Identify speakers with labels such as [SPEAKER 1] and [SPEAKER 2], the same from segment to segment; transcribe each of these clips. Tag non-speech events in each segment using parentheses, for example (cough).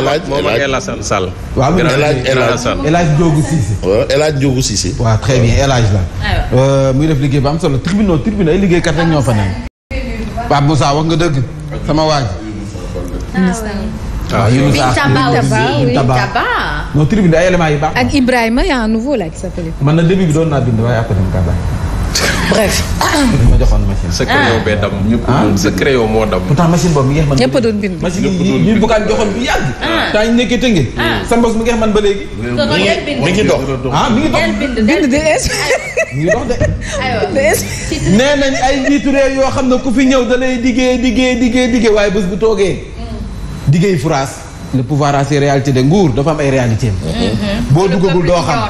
[SPEAKER 1] El Hadj moom ak El Hassan Sall. waaw El Hadj El Hadj El Hadj Diogu Cissé. waaw El Hadj Diogu Cissé. waaw très bien El Hadj la. Euh, muy def liggéey bu am solo tribunal tribunal ay liggéeykat rek ñoo fa naan. Pape Moussa wax nga dëgg. sama waaj. Ah, waaw Younus Taba non tribunal ay éléments yu baax. ak Ibrahima y a un nouveau là qui s'appelle. man na début bi doon naa bind waaye après dama kaa bref. li ma joxoon machine. sa crayon bee dam. ñëpp sa crayon moo dam. pourtant machine boobu mi ngi man ñëpp doon bind. Ah. Ah. man ba léegi. ngi dox ah ngi dox. bind de es. (laughs) mi ngi nañ ay njiitu réew yoo xam ne ku fi ñëw da liggéey liggéey diggee diggee waaye bés bu toogee. Mm. diggee France. le pouvoir a ses réalités de nguur dafa am ay réalités mm-hmm. boo duggagul doo xam.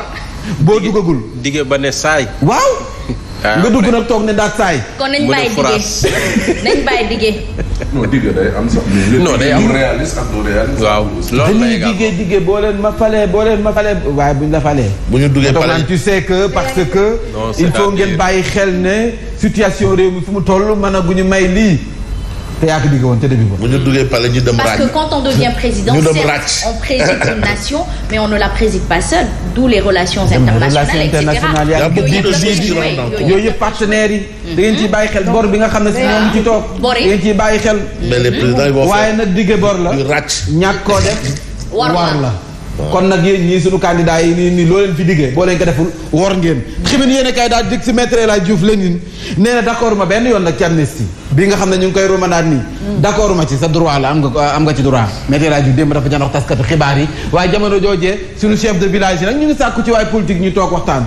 [SPEAKER 1] boo duggagul. diggee ba ne saay waaw Ah, nga dugg nag toog ne daal saay. kon nañ bàyyi diggé (laughs) nañ bàyyi diggé. am sax. day am réaliste ak non réaliste. waaw boo leen ma falee boo leen ma falee waaye buñ la falee. bu ñu duggee pale tu sais que parce que. il faut ngeen bàyyi xel ne situation réew mi fu mu toll man a gu ñu may lii. te yaa ko digg woon ca début ba. bu ñu duggee pale ñu dem raaj. parce que quand on devient (laughs) président. ñu dem raaj on préside une nation (laughs) mais on ne la préside pas seul. d'où les relations internationales et cetera yooyu yëpp partenaires yi. Mm-hmm. da ngeen ciy bàyyi xel bor bi nga xam ne si ñoom ci toog. bor yi da ngeen ciy bàyyi les présidents yi boo waaye nag digge bor la. ñu ràcc ñàkk koo def. war la. kon nag yéen ñii suñu candidat yi nii nii fi diggee boo leen ko deful wor ngeen ximin yéen a kayi daal dig yoon nag ci amnistie bi nga xam ne ñu ngi koy mm. am nga am nga ci droit maître El Hadji Diouf démb dafa janox taskatu xibaar yi waaye jamono toog waxtaan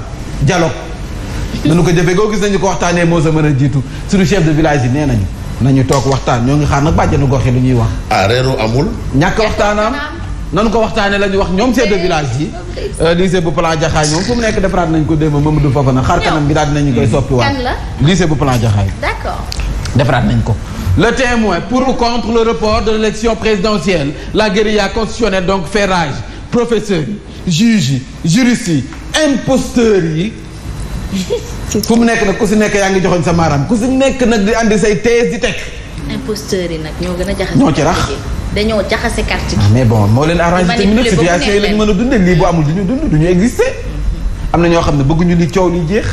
[SPEAKER 1] (laughs) ko jëfee goo moo sa mën a jiitu suñu chef de village yi nee nañu nañu toog ñoo ngi xaar nag bàjjenu gox yi lu ñuy wax ah reeru amul ñàkk waxtaanaam nanu ko waxtaanee la wax ñoom chef de village yi. Euh, lycée bu plan Jaxaay moom fu mu nekk defaraat nañ ko démb Mamadou Fofana xar kanam bi daal dinañu koy soppiwaat. kan la lycée bu plan Jaxaay. d'accord defaraat nañ ko. Le témoin pour ou contre le report de l'élection présidentielle la guérilla constitutionnelle donc fait rage professeurs yi juges yi juristes yi imposteurs yi. fu mu nekk nag ku si nekk yaa ngi joxoñ sa maaraam ku si nekk nag di andi say thèse di teg. imposteurs yi nag ñoo a ñoo ci rax. dañoo jaxase carte gi. Ah, mais bon moo leen arrangé tamit situation yi lañ mën a dundee lii bu amul du ñu dund du am na ñoo xam ne bëgguñu li coow li jeex.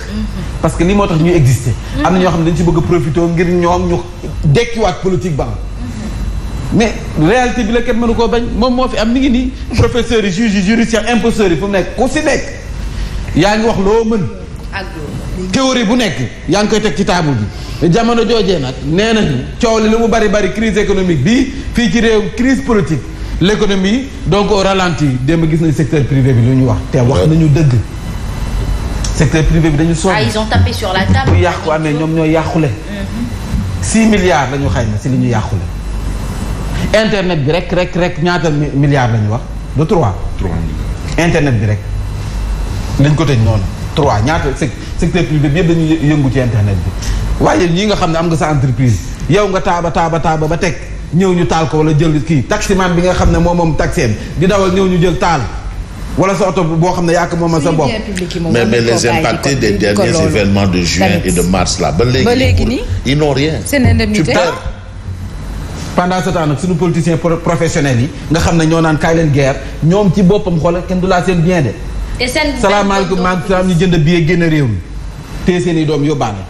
[SPEAKER 1] parce que lii moo tax ñuy exister. am na ñoo xam ne dañ ci bëgg a profité ngir ñoom ñu dekkiwaat politique ba mais réalité bi la kenn mënu koo bañ moom moo fi am ni ngi nii professeurs yi juges yi juristes yi imposteurs yi fu mu nekk ku si nekk yaa ngi wax loo mën. théorie bu nekk yaa ngi koy teg ci table bi jamono joojee nag nee nañu coow li lu mu bari bari crise économique bi fii ci réew crise politique l'économie donc ralanti ralenti démb gis nañ secteur privé bi lu ñu wax te wax nañu dëgg secteur privé bi dañu sonn ah ils ont tapé sur la table yàqu amee ah, ñoom ñoo yàqule mm-hmm. six milliards la ñu xayma si li ñu yàqule internet bi rek rek rek ñaata milliards la ñu wax de trois internet bi rek dañ ko tëj noonu trois ñaata secteur privé bi yëpp dañuy yëngu ci internet bi waaye ñi nga xam ne am nga sa entreprise yow nga taaba taaba taaba ba teg ñëw ñu taal ko wala jël kii taximan bi nga xam ne moom moom seen di dawal ñëw ñu jël taal wala sa oto boo xam ne yaa ko moom sa bopp. mais mais les impactés des derniers événements de juin et de mars là ba léegi. ba léegi nii ils n'ont rien. seen indemnité pendant ce temps nag suñu politiciens professionnels yi nga xam ne ñoo naan kaay leen guerre ñoom ci boppam xoolal kenn du laa seen bien de. te seen salaamaaleykum maag salaam ñu jënd billet génn réew mi te seen i doom yóbbaale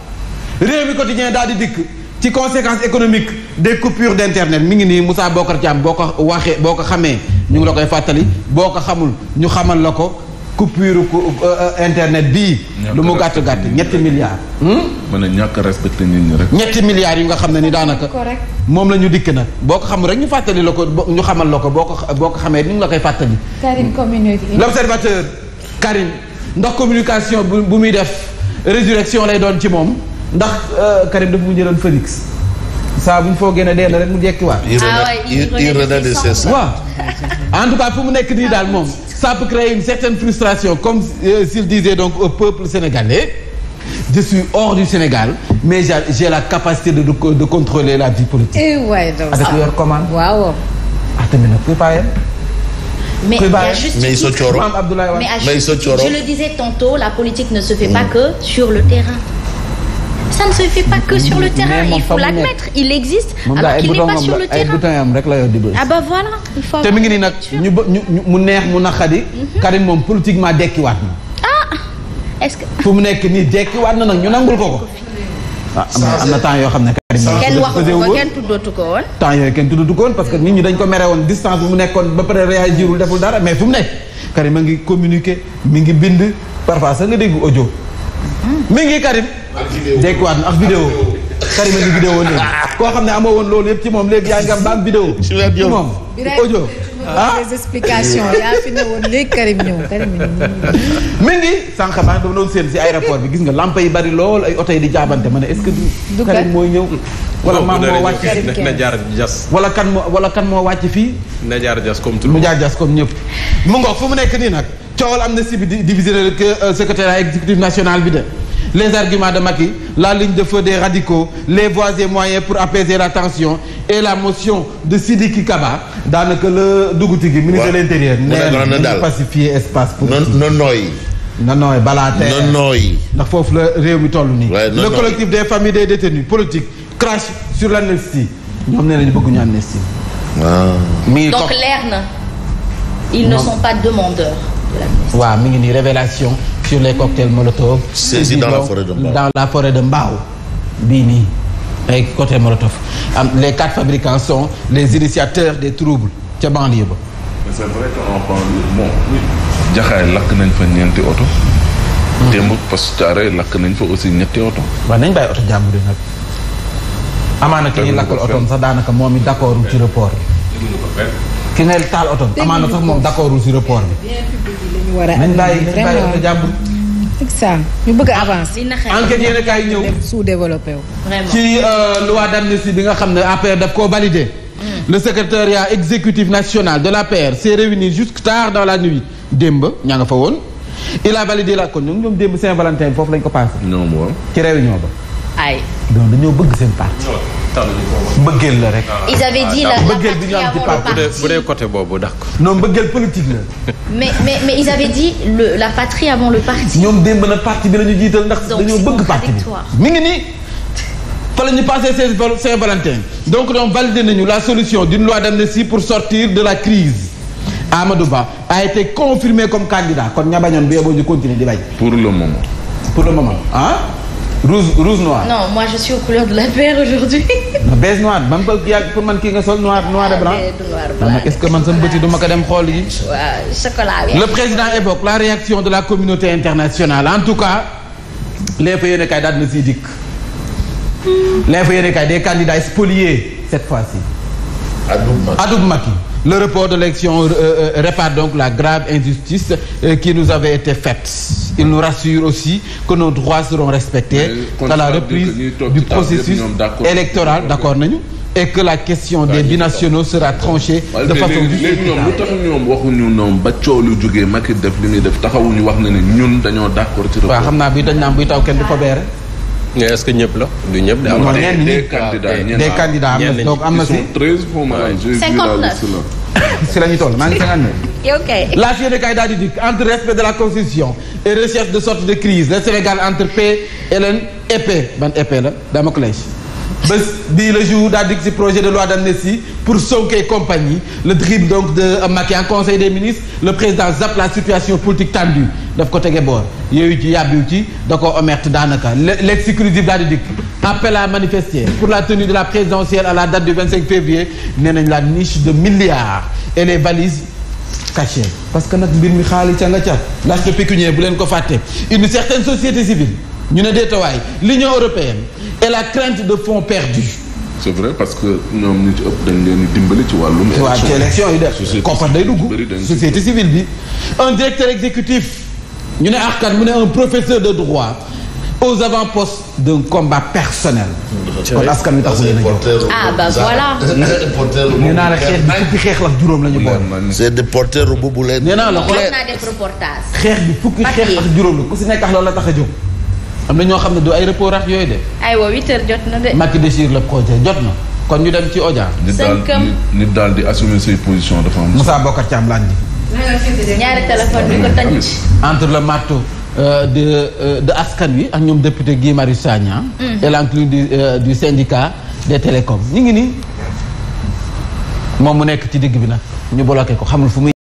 [SPEAKER 1] réew mi quotidien daal di dikk ci conséquences économiques de coupures d' internet mi ngi nii Moussa Bokar Thiam boo ko waxee boo ko xamee ñu ngi la koy fàttali boo ko xamul ñu xamal la ko coupure euh, internet bii. lu mu gàtt gàtt ñetti milliards. ma ne ñàkk respecté nit ñi rek. ñetti milliards yu nga xam ne ni daanaka. moom la ñu dikk nag. boo ko xamul rek ñu fàttali la ko ñu xamal la ko boo ko boo ko xamee ni ñu la koy fàttali. Karim Communauté. l' observateur. Karim ndax communication bu bu muy def résurrection lay doon ci moom ndax euh, Karim dafa mu jëloon Félix saa bu ñu foogee ne dee na rek mu jekkiwaat. Ah waaw en tout cas fu mu nekk nii daal moom ça peut créer une certaine frustration comme euh, s'il disait donc au peuple sénégalais je suis hors du Sénégal mais j'ai la capacité de, de de contrôler la vie politique. et waay avec leur commande. waaw. ah tamit nag mais il y a juste mais je le disais tantôt la politique ne se fait pas mm. que sur le terrain ça il faut l'admettre il existe alors qu'il n'est pas sur le terrain am rek la yor di ah te mi ngi nii nag mu neex mu naqadi mhm. Karim moom politiquement dekkiwaat na ah ce fu mu nekk ni nii dekkiwaat na nag ñu nangul ko ko ah, na temps kenn waxu ko kenn tuddootu ko woon. temps yooyu kenn tuddootu ko woon parce que nit ñi dañ ko mere woon distance bu mu nekkoon ba pare réagirul deful dara mais fu mu nekk Karim a ngi communiquer mi ngi bind parfois sax nga dégg audio. mi ngi Karim. dekkuwaat na ak vidéo Karim a ngi vidéo léegi. (laughs) koo xam ne amoo woon loolu yëpp ci moom léegi yaa ngi am ba am vidéo. ci moom audio. ah des ah. explications (laughs) yaa fi ne woon léegi Karim ñëw Karim (laughs) mi ngi sànq maa doon seen si aéroport bi gis nga lampe yi bari lool ay oto yi di jaabante ma ne est-ce que du Karim mooy ñëw wala oh, maam moo wàcc na jaar jas wala kan moo wala kan moo wàcc fii na jaar jas comme tout na jaar jas comme ñëpp mu ngoog fu nekk nii nag coowal am na si bi division euh, secrétaire exécutif national bi de les arguments de Macky la ligne de feu des radicaux les voies et moyens pour apaiser la et la motion de Sidiki Kaba daanaka la duguti gi ministre de l'intérieur nee pacifier espace pour non nooy na nooy balaa tey na nooy ndax foofu la réew mi toll nii le collectif des familles des détenus politiques crache sur l'amnistie ñoom nee nañu bëgguñu amnistie ah. mi donc leer na ils ne sont pas demandeurs de l'amnistie waaw mi ngi nii révélation sur les cocktails Molotov. saisi dans la forêt de Mbao la forêt de Mbao bii nii ay côté Molotov am les quatre fabricants les initiateurs des troubles ca banlieue ba. mais c'est vrai que en banlieue bon. jaxaay lakk nañ fa ñeenti oto. Hmm. démb Pastaare lakk nañ fa aussi ñetti oto. waaw nañ bàyyi oto jàmbur yi nag. amaana ki ñuy otoom sax daanaka moom it d'accord ci report ki ne taal oto amaana sax moom d'accordul si report bi. nañ bàyyi nañ bàyyi oto jàmbur. c'est ça ñu bëgg a avancer. enquête yéen a kaay ñëw. sous-développé wu. ci euh, loi d'amnistie bi nga xam ne APR daf koo validé. Hmm. le secrétariat exécutif national de la l'APR s'est réuni jusque tard dans la nuit démb ña nga fa woon. il a validé la ko ñoom ñoom démb Saint-Valentin foofu lañ ko passé. non ci réunion ba. ay donc dañoo bëgg seen parti. mbëggeel la rek. ils avaient dit la ah, mbëggeel bi ñu am ci bu dee bu côté boobu d'accord. non mbëggeel politique la. mais mais mais ils avaient dit le la patrie avant le parti. ñoom démb na parti bi la ñu jiital ndax dañoo bëgg parti bi mi ngi nii. fa la ñu passé Saint-Valentin donc donc validé nañu la solution d'une loi d'amnistie pour sortir de la crise Amadou Ba a été confirmé comme candidat kon ña bañoon bi yóbboo ñu continuer di bañ. pour le moment. pour le moment ah. rouge rouge noir. non moi je suis aux couleurs de la paire aujourd'hui (laughs) beige noir man ba yàgg pour man kii nga sol noir noir et ah, est-ce que man sama bëti duma ko dem xool yi. waaw chocolat le président évoque la réaction de la communauté internationale en tout cas. les fa yéene kaay daal na siy dikk. Hmm. les fa yéene kaay des candidats cette fois-ci. Adoub le report de l'élection euh, euh, répare donc la grave injustice euh, qui nous avait été faite il nous rassure aussi que nos droits seront respectés à la reprise du processus électoral d'accord nañu et que la question des binationaux sera tranchée de façon léegi ñoom lu tax ñoom waxuñu ñoom ba lu jógee Macky def li wax na ne ñun dañoo d'accord ci waaw xam naa bi dañ naan buy taw kenn du fa mais est-ce que ñëpp la du ñëpp. de am des candidats donc am na si. 13 si la ñu toll maa ngi 59. yow kay. laas yéen kay daal di dikk entre respect de la constitution et recherche de sorte de crise le Sénégal entre paix et l'épée ban épée la Damoclès. bés bii le jour daal di ci projet de loi d'amnistie pour Sonko et compagnie le dribble donc de Macky en conseil des ministres le président zappe la situation politique tendue daf ko tege boor. yooyu ci yàbbiw ci da ko omerte daanaka l'exclusif daal di dikk appel à manifester pour la tenue de la présidentielle à la date du février nee la niche de milliards et les parce que nag mbir mi xaalis ca nga ca l'aspect pécuniaire bu leen ko fàtte une certaine société civile ñu ne deetawaay l'union européenne et la crainte de fonds perdus c'est vrai parce que ñoom ñu ci ëpp dañ leen dimbali ci wàllum. élection yi def koppar day dugg société ñu ne kan mu ne un professeur de droit aux avant-postes de combat personnel. kon askan wi taxul nañu ah bah voilà. (laughs) nee naa la xeex bi fukki xeex la juróom la ñu boole. c'est des porteurs boobu leen. nee naa la xool xeex bi fukki xeex ak juróom la ku si nekk ak loolu la tax a jóg. am na ñoo xam ne du ay report ak yooyu de. aywa huit heures jot na de. Macky déchire projet jot na. kon ñu dem ci audience. sëñ Këm nit daal di assumer ses positions dafa am. Moussa Bokar am laaj ñaari téléphone bi ko tënc. entre le marteau euh, de euh, de askan wi ak ñoom député Guy Marius Sagna. Mm. et l'inclus du euh, du syndicat des ñu ngi nii moom mu nekk ci digg bi nag ñu bloqué ko xamul fu muy.